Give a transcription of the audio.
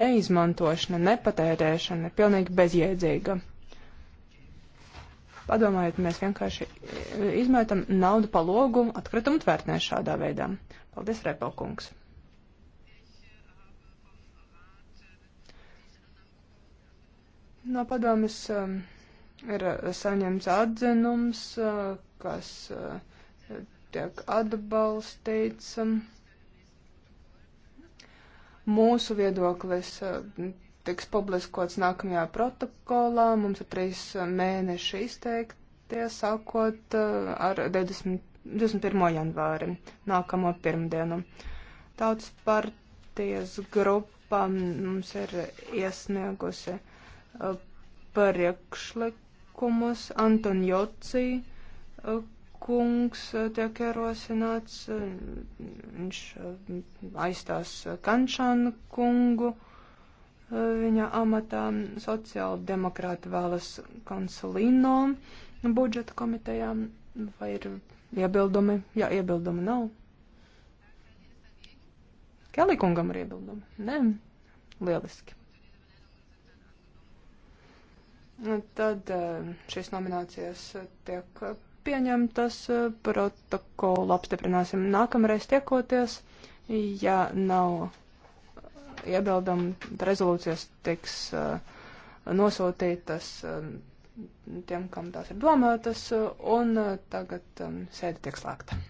neizmantošana, nepatērēšana ir pilnīgi bezjēdzīga. Padomājiet, mēs vienkārši e, izmetam naudu pa logu atkritumu tvērtnē šādā veidā. Paldies, Repelkungs! No padomas um, ir e, saņemts atzinums, uh, kas uh, tiek atbalstīts. Um, Mūsu viedoklis eh, tiks publiskots nākamajā protokolā. Mums ir trīs eh, mēneši izteikties, sākot eh, ar 20, 21. janvāri, nākamo pirmdienu. Tautas partijas grupa mums ir iesniegusi priekšlikumus Anton Joci kungs eh, tiek ierosināts, eh, viņš eh, aizstās Kančānu kungu viņa amatā sociāldemokrāti vēlas konsulino budžeta komitejā. Vai ir iebildumi? Jā, iebildumi nav. Kelī kungam ir iebildumi? Nē, lieliski. Tad šīs nominācijas tiek pieņemtas, eh, protokolu apstiprināsim nākamreiz tiekoties. Ja nav eh, iebildam, rezolūcijas tiks eh, nosūtītas tiem, kam tās ir domātas, un tagad sēde tiek slēgta.